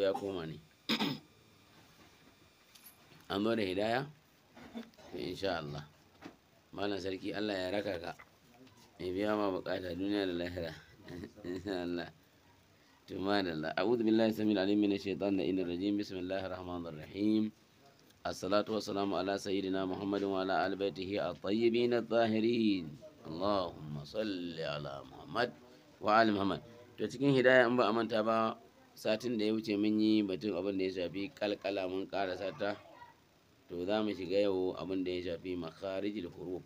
ya koma ne an zo da hidaya eh, insha Allah sarki Allah ya raka ka ya biya ma bukata duniya da lahira insha Allah to madalla a'udhu billahi samil alim minash shaitanir rajim bismillahir rahmanir rahim الصلاة والسلام على سيدنا محمد وعلى آل بيته الطيبين Allahumma salli ala Muhammad wa وعلى Muhammad. to cikin hidaya in ba a manta ba satin da ya wuce mun yi batun abin da ya shafi kalkala mun karasa ta to za mu shiga yau abin da ya shafi makharijil huruf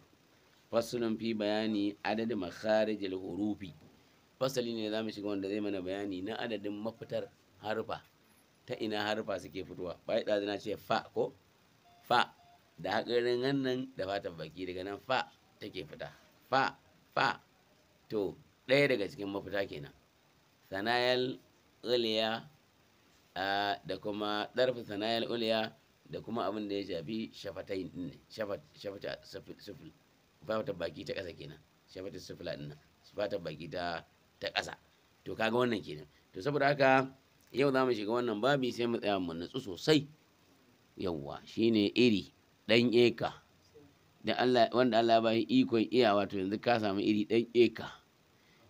fasalin fi bayani adadin makharijil hurufi fasali ne za mu shiga wanda zai mana bayani na adadin mafitar harfa ta ina harfa suke fitowa bai da na ce fa ko fa da hakarin hannun da fata baki daga nan fa take fita fa fa to ɗaya daga cikin mafita kenan sanayal uliya da kuma ɗarfi sanayal uliya da kuma abin da ya shafi shafatai ne shafata sufil fata baki ta ƙasa kenan shafata sufila din nan fata baki ta ta ƙasa to kaga wannan kenan to saboda haka yau za mu shiga wannan babi sai mu tsaya mu nutsu sosai yawwa shine iri ɗan eka dan Allah wanda Allah ya ikon iyawa to yanzu ka samu iri ɗan eka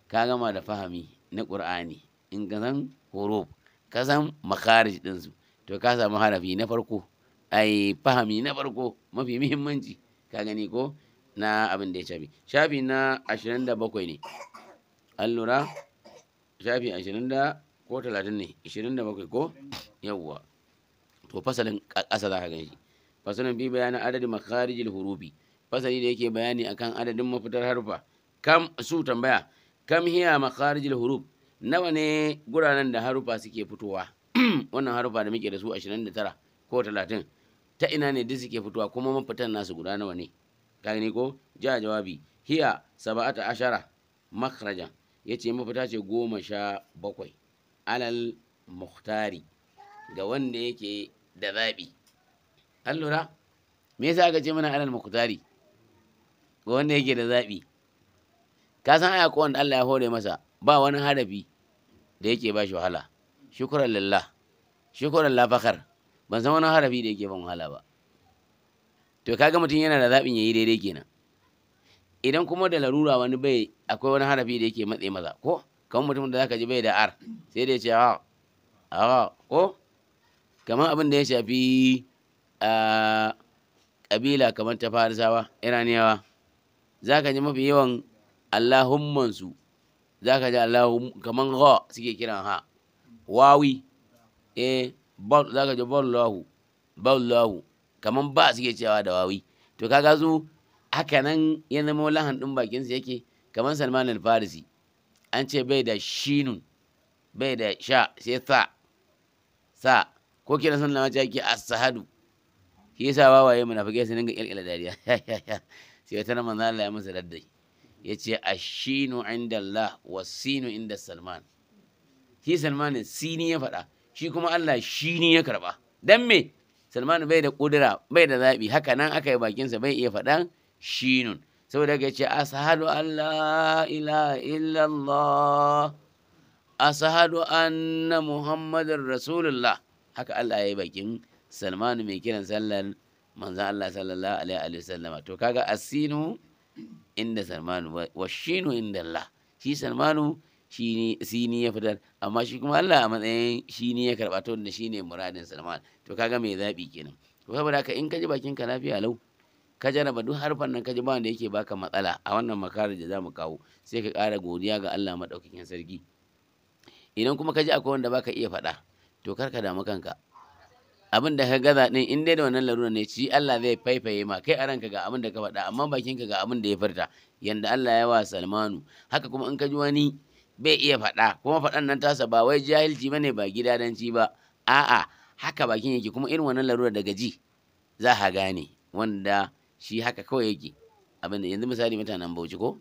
ka gama da fahami na ƙur'ani in ka san huruf ka san makarij ɗinsu to ka samu harafi na farko ai fahami na farko mafi muhimmanci ka gani ko na abin da ya shafi shafi na 27 ne an lura shafi 20 da ko 30 ne 27 ko yawwa to fasalin ƙasa za ka gani shi fasalin bi bayanin adadin makarijil hurufi fasali da yake bayani akan adadin mafitar harfa kam su tambaya kam hiya makarijil huruf nawa ne guranan da harufa suke fitowa wannan harufa da muke da su 29 ko 30 ta ina ne duk suke fitowa kuma mafitan nasu guda nawa ne ka ne ko ja jawabi hiya saba'ata ashara makhrajan yace mafita ce goma sha bakwai alal muhtari ga wanda yake da zaɓi an lura me yasa aka ce mana alal muhtari ga wanda yake da zaɓi ka san aya ko wanda Allah ya hore masa ba wani harafi da yake ba shi wahala shukuran lalla shukuran lafakar ban san wani harafi da yake ban wahala ba to kaga mutum yana da zaɓin yi daidai kenan idan kuma da larura wani bai akwai wani harafi da yake matse maza ko kamar mutum da zaka ji bai da r sai dai ce ha ha ko kamar abin da ya shafi a kabila kamar ta farisawa iraniyawa zaka ji mafi yawan allahumman su za ka ji Allahu kaman ha suke kiran ha wawi eh Ba za ka ji ballahu ballahu kaman ba suke cewa da wawi to kaga su haka nan ya zama lahan din bakin sa yake kaman Salman al-Farisi an ce bai da shinun bai da sha sai sa sa ko kira sun lamace yake as-sahadu shi yasa wawaye munafikai su dinga kirkira dariya sai wata nan manzo Allah ya musu daddai ya ce ashinu inda Allah wa sinu inda Salman shi Salman sini ya faɗa shi kuma Allah shi ni ya karɓa dan me Salman bai da ƙudura bai da zaɓi haka nan aka yi bakinsa bai iya faɗan shinun saboda ya ce ashadu an la illallah anna muhammadin rasulullah haka Allah ya yi bakin Salman mai kiran sallar manzan Allah sallallahu alaihi wa to kaga asinu inda salmanu wa shinu inda Allah shi salmanu shi ne ya fitar amma shi kuma Allah a matsayin shi ne ya karɓa to da shi ne muradin salman to kaga mai zaɓi kenan to saboda haka in ka ji bakinka lafiya lau ka jaraba duk harfan nan ka ji ba wanda yake baka matsala a wannan makarar da zamu kawo sai ka ƙara godiya ga Allah maɗaukakin sarki idan kuma ka ji akwai wanda baka iya faɗa to kar ka damu kanka abin da ka gaza din in dai da wannan laruna ne shi Allah zai faifaye ma kai a ranka ga abin da ka faɗa amma bakinka ga abin da ya furta yanda Allah ya wa Salmanu haka kuma in ka ji wani bai iya faɗa kuma faɗan nan tasa ba wai jahilci bane ba gidadanci ba a'a haka bakin yake kuma irin wannan larura daga ji za ka gane wanda shi haka kawai yake abin da yanzu misali mutanen Bauchi ko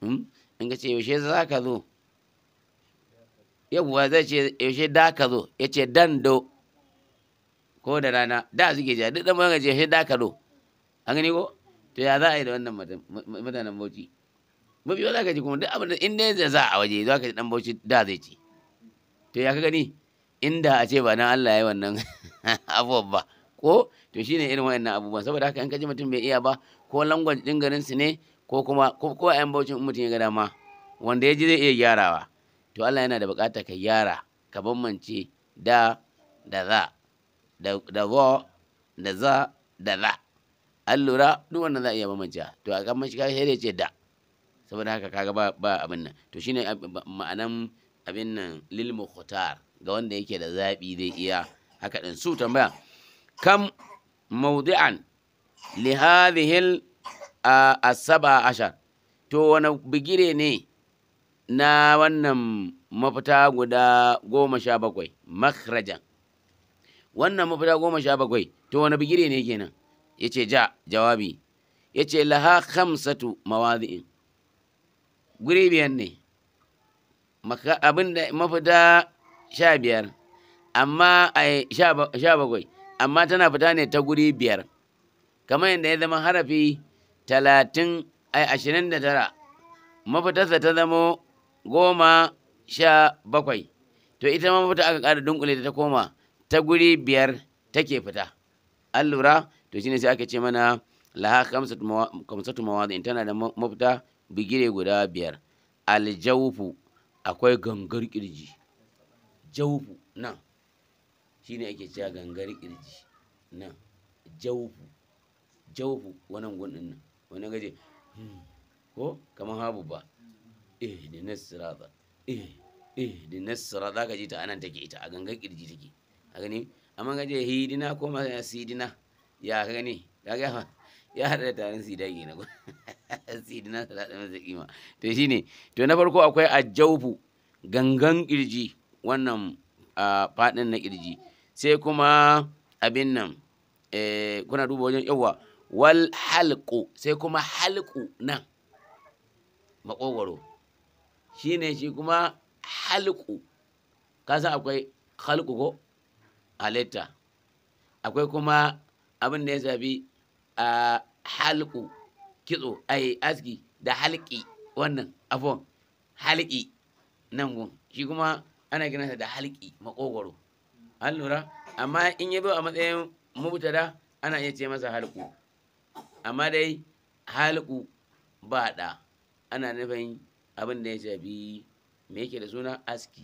hmm? in ka ce yaushe za ka zo yawwa zai ce yaushe da ka zo ya ce dan do ko da rana da suke jiya duk dan magaje sai da karo an gani ko to ya za a yi da wannan mutanen bauchi mafi za ka ji kuma duk abin da in dai za a waje za ka ji dan bauchi da zai ci to ya ka gani inda a ce ba nan Allah ya yi wannan abubuwan ba ko to shine irin wannan abubuwan saboda haka in ka ji mutum bai iya ba ko language din garin su ne ko kuma ko ko ayan bauchin mutum ya ga dama wanda ya ji zai iya gyarawa to Allah yana da bukata ka gyara ka bambance da da za da wa da za da za an lura duk wannan za a iya mamanta to a kan mashi kashi ce da saboda haka kaga ba ba abin nan to shine ma'anan abin nan lil mukhtar ga wanda yake da zabi zai iya haka din su tambaya kam mawdi'an li hadhihi al-17 to wani bigire ne na wannan mafita guda goma sha bakwai makhrajan wannan mafita goma sha bakwai to wani bigire ne kenan ya ce ja jawabi ya ce laha khamsatu mawazi'in guri biyan ne abinda mafita sha biyar amma sha bakwai amma tana fita ne ta guri biyar kamar yadda ya zama harafi talatin a ashirin da tara mafitarsa ta zama goma sha bakwai to ita ma mafita aka ƙara dunkule ta koma ta guri biyar take fita an lura to shine sai aka ce mana laha kamsatu mawadin tana da mafita bigire guda biyar Aljawufu, akwai gangar kirji Jawufu, nan shine ake cewa gangar kirji nan Jawufu, jawufu wannan gundin nan wani gaje hmm, ko kamar habu ba eh dinas sirata eh eh dinas sirata ka ji ta anan take ita a gangar kirji take a gani amma ka hidina ko ma sidina ya gani ka ga ya hada da tarin sidai gina ko sidina da masa kima to shine to na farko akwai ajaufu gangan kirji wannan fadin na kirji sai kuma abin nan eh, kuna duba wajen yawa wal halqu sai kuma halqu nan makogwaro shine shi kuma halqu ka akwai halqu ko halitta akwai kuma abin da ya zabi a halku kitso ai aski da halki wannan afon halki nan gun shi kuma ana ginasa da halki makogwaro an lura amma in ya a matsayin mubtada ana iya ce masa halku amma dai halku ba da ana nufin abin da ya shafi me yake da suna aski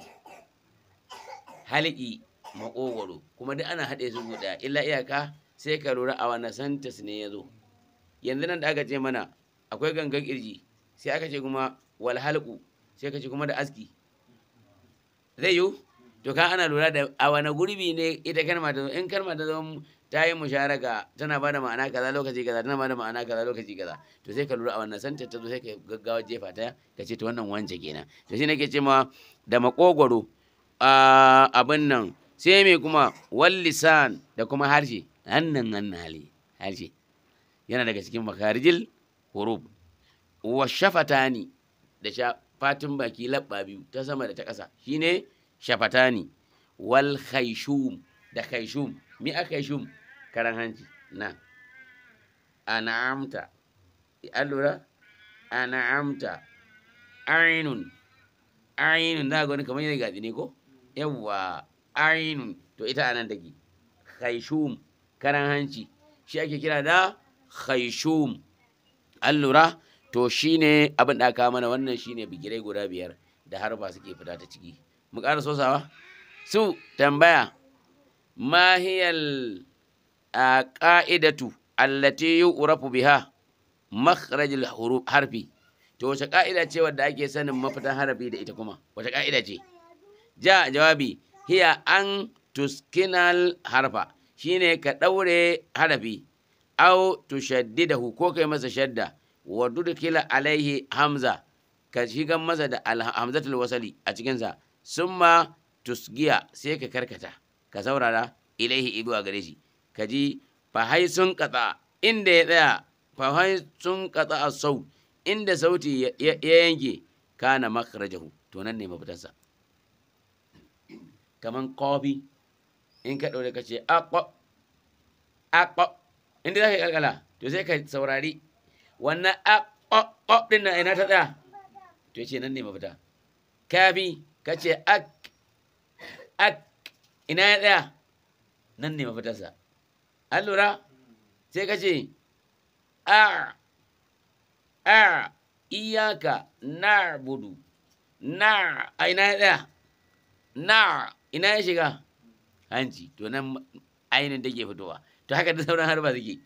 halki makogoro kuma duk ana haɗe su guda illa iyaka sai ka lura a wani santas ne ya zo yanzu nan da aka ce mana akwai gangan kirji sai aka ce kuma walhalku sai ka ce kuma da aski zai yiwu to ka ana lura da a wani gurbi ne ita kalma ta in kalma ta zama ta yi musharaka tana ba da ma'ana kaza lokaci kaza tana ba da ma'ana kaza lokaci kaza to sai ka lura a wannan santa ta zo sai ka gaggawa jefa ta ka ce ta wannan wance kenan to shi ke ce ma da makogwaro ah, abin nan sai mai kuma wallisan da kuma harshe hannan hannun hali harshe yana daga cikin makarijil hurub wa shafatani da shafatin baki labba biyu ta sama da ta ƙasa shine shafatani wal khayshum da khayshum mi a khayshum karan hanci na an'amta an lura an'amta ainun ainun na gani kamar yadda gaɗi ne ko yawwa ainun to ita anan take khayshum karan hanci shi ake kira da khayshum allura lura to shine abin da aka mana wannan shine bigirai guda biyar da harfa suke fita ta ciki mu ƙara sosawa su tambaya ma a qa'idatu allati yu'rafu biha makhraj harfi to wace ka'ida ce wadda ake sanin mafitan harafi da ita kuma wace ka'ida ce ja jawabi hiya an tuskinal harfa shine ka ɗaure harafi au tu tushaddidahu ko kai masa shadda wa dudkila alaihi hamza ka shiga masa da hamzatul wasali a cikinsa summa tusgiya sai ka karkata ka saurara ilaihi ido a gare shi ka ji fahai sun katsa inda ya tsaya fahai sun katsa a sau inda sauti ya yanke kana makharajahu to nan ne mafitarsa kaman kofi in ka ɗaure ka ce akpo! Akpo! in dai za ka kalkala to sai ka saurari wannan akwa ɗin na ina ta tsaya to ce nan ne mafita kafi ka ce ak ak ina ya tsaya nan ne fita an lura sai ka ce a a iyaka na budu na a ina ya tsaya na ina ya shiga hanci to nan ainihin take fitowa to haka da sauran harba suke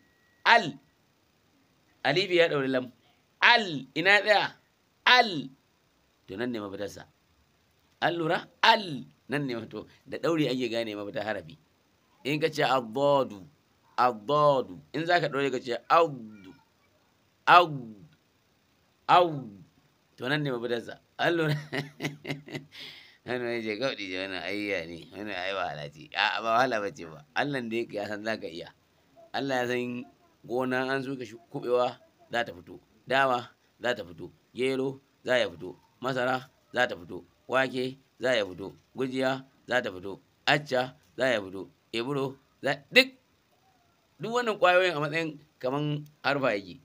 al alibi ya ɗauri lam al ina tsaya al to nan ne mafitarsa an lura al nan ne mafito da ɗauri ake gane mafitar harafi in ka ce abdodu abdodu in za ka ɗaure ka ce audu audu audu to nan ne mafitarsa an lura hannu ya ce kawai da wani ayya ne wani ayi wahala ce a ba wahala ba ce ba allah da yake ya san za ka iya allah ya san gona an ka kubewa za ta fito dama za ta fito gero za ya fito masara za ta fito wake za ya fito gujiya za ta fito acca za ya fito eburo za duk duk wannan kwayoyin a matsayin kaman harba yake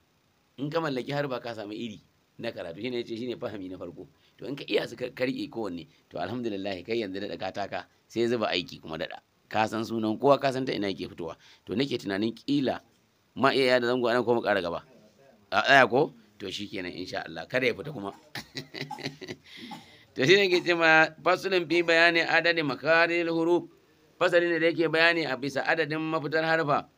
in ka mallaki harba ka samu iri na karatu shine yace shine fahimi na farko to in ka iya su karike kowanne to alhamdulillah kai yanzu da ka taka sai zuba aiki kuma dada ka san sunan kowa ka san ta ina yake fitowa to nake tunanin kila ma iya da zango ana ko mu kara gaba a tsaya ko to shikenan insha Allah kada ya fita kuma to shine ke cewa fasulun bi bayani adadin makaril huruf fasalin da yake bayani a bisa adadin mafitar harfa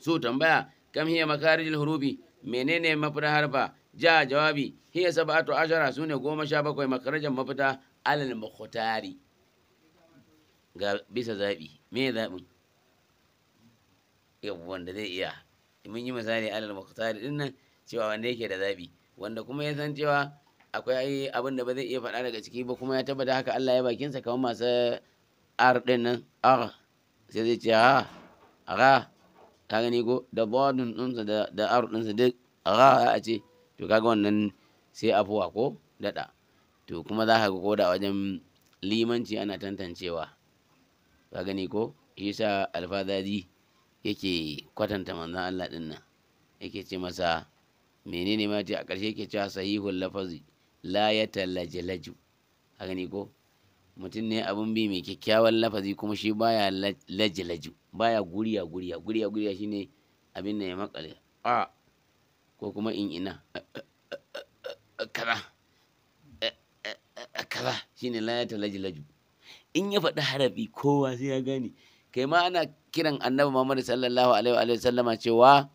su tambaya kam hiya makarijil hurufi menene mafita harfa ja jawabi hiya sab'atu ashara sune goma sha bakwai makarajan mafita alal mukhtari ga bisa zaɓi me ya wanda zai iya mun yi misali alal mukhtari din nan cewa wanda yake da zaɓi wanda kuma ya san cewa akwai abin da ba zai iya faɗa daga ciki ba kuma ya tabbata haka Allah ya sa kamar masu ar din nan ah sai zai ce ha ah ka gani ko da bodin ɗinsa da da ar duk a a ce to kaga wannan sai afuwa ko daɗa to kuma za ka ga ko da wajen limanci ana tantancewa ka gani ko isa alfadari yake kwatanta manzan Allah din nan yake ce masa menene ma ce a ƙarshe yake cewa sahihul lafazi la ya talajalaju ka gani ko mutum ne abin bi mai kyakkyawan lafazi kuma shi baya laji-laji baya guriya guriya guriya guriya shine abin da ya makale a ko kuma in ina kaza kaza shine ne layata laji-laji in ya faɗi harafi kowa sai ya gani. kai ma ana kiran annabi Muhammad sallallahu alaihi wa sallama cewa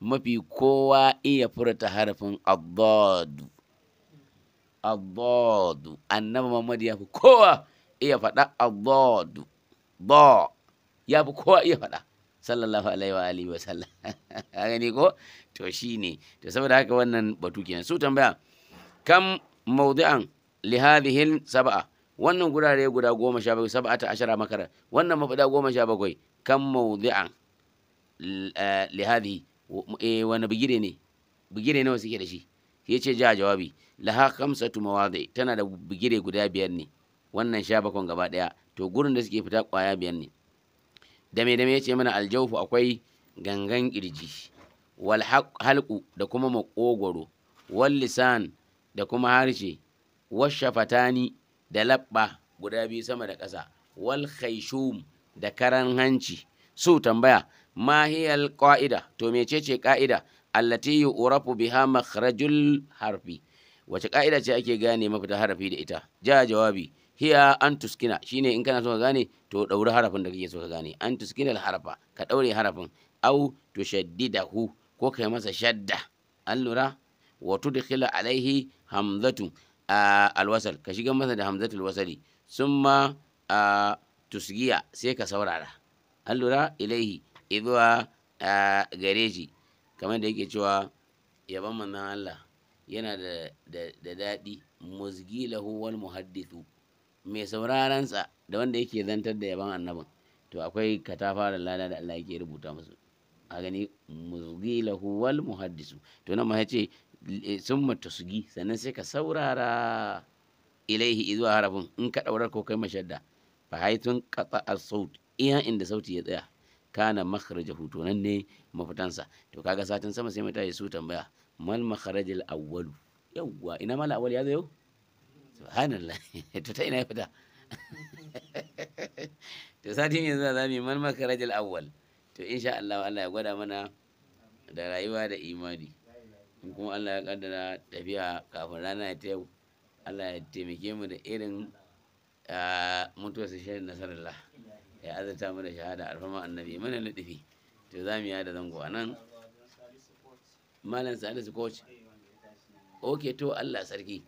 mafi kowa iya furta harafin addadu adadu annabi muhammad ya fi kowa iya faɗa adadu ba ya fi kowa iya faɗa sallallahu alaihi wa alihi wa sallam gani ko to shi ne to saboda haka wannan batu kenan su tambaya kam mawdi'an li saba'a, wannan gurare guda goma sha bakwai ta ashara makara wannan mafaɗa goma sha bakwai kam mawdi'an eh, Lihadi hadhihi eh, wani bigire ne bigire nawa ke da shi ya ce ja jawabi laha tu mawadhi tana da bigire guda biyar ne wannan sha bakon gaba daya to gurin da suke fita kwaya biyar ne dame dame yace mana aljawfu akwai gangan kirji wal halqu da kuma makogoro wal lisan da kuma harshe wal shafatani da labba guda biyu sama da ƙasa wal khayshum da karan hanci su tambaya ma hiyal qa'ida to mecece ka'ida allati yu'rafu biha makhrajul harfi wace ka'ida ce ake gane mafita harafi da ita ja jawabi hiya an tuskina shine in kana so ka gane to dauri harafin da kake so ka gane an tuskina harafa ka ɗaure harafin au tushaddidahu ko kai masa shadda an lura wa tudkhila alaihi hamzatu alwasal ka shiga masa da hamzatul wasali summa tusgiya sai ka saurara an lura ilaihi idwa gare kamar da yake cewa yaban manzon Allah yana da daɗi muzgi lahu wal muhaddithu mai da wanda yake zantar da yaban annabin to akwai katafa lada da Allah yake rubuta musu a gani muzgi lahu wal muhaddisu to nan ma yace eh, sun matasugi sannan sai ka saurara ilaihi zuwa harafin in ka daurar ko kai mashadda fa haitun a as iya inda sauti ya tsaya kana makharajahu to nan ne mafitansa to kaga satin sama sai mutane su tambaya mal makharajil awwalu yawwa ina mal awwal ya zo subhanallah to ta ina ya fita to satin yanzu za mu mal makharajil awwal to insha Allah Allah ya gwada mana da rayuwa da imani in kuma Allah ya kaddara tafiya kafin rana ta yau Allah ya taimake mu da irin ah, su shirin nasarar Allah ya azurta mu da shahada alfama annabi mana lutufi to za mu yada zango a nan malam salisu coach ok to allah sarki